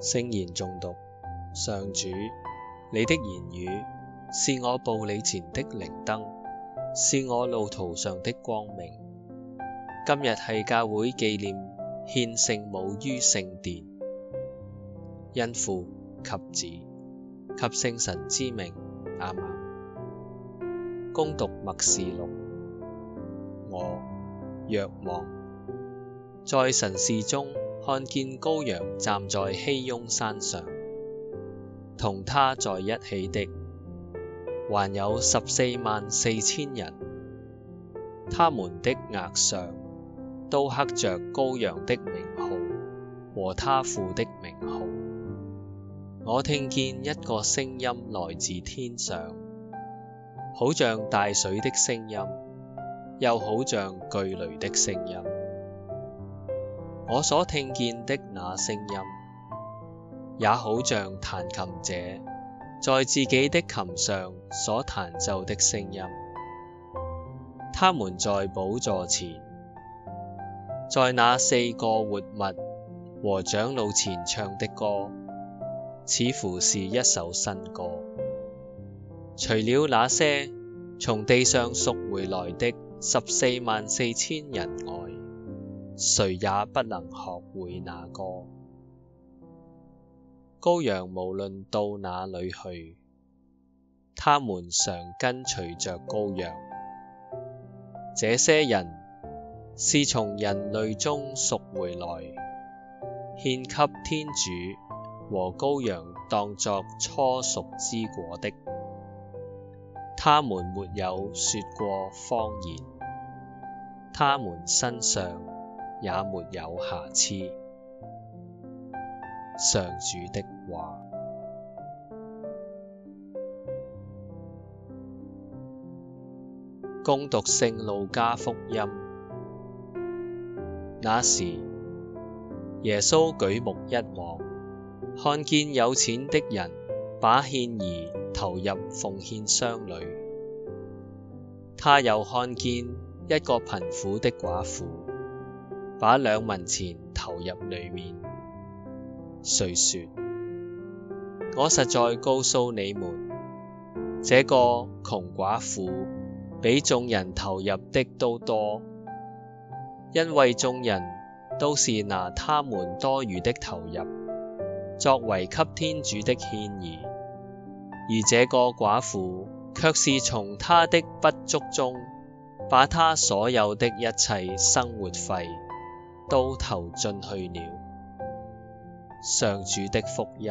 聖言誦讀。上主，你的言語是我步你前的靈燈，是我路途上的光明。今日係教會紀念獻聖母於聖殿，因父及子及聖神之名，阿瑪。恭讀默示錄。我若望在神視中。看見羔羊站在熙雍山上，同他在一起的，還有十四萬四千人，他們的額上都刻着羔羊的名號和他父的名號。我聽見一個聲音來自天上，好像大水的聲音，又好像巨雷的聲音。我所聽見的那聲音，也好像彈琴者在自己的琴上所彈奏的聲音。他們在寶座前，在那四個活物和長老前唱的歌，似乎是一首新歌。除了那些從地上贖回來的十四萬四千人外，誰也不能學會那歌。羔羊，高無論到哪裏去，他們常跟隨着羔羊。這些人是從人類中贖回來，獻給天主和羔羊當作初熟之果的。他們沒有說過謊言，他們身上。也沒有瑕疵。上主的話，恭讀聖路加福音。那時，耶穌舉目一望，看見有錢的人把獻儀投入奉獻箱裏，他又看見一個貧苦的寡婦。把兩文錢投入裏面。遂說：我實在告訴你們，這個窮寡婦比眾人投入的都多，因為眾人都是拿他們多餘的投入，作為給天主的獻儀，而這個寡婦卻是從她的不足中，把她所有的一切生活費，都投進去了，上主的福音。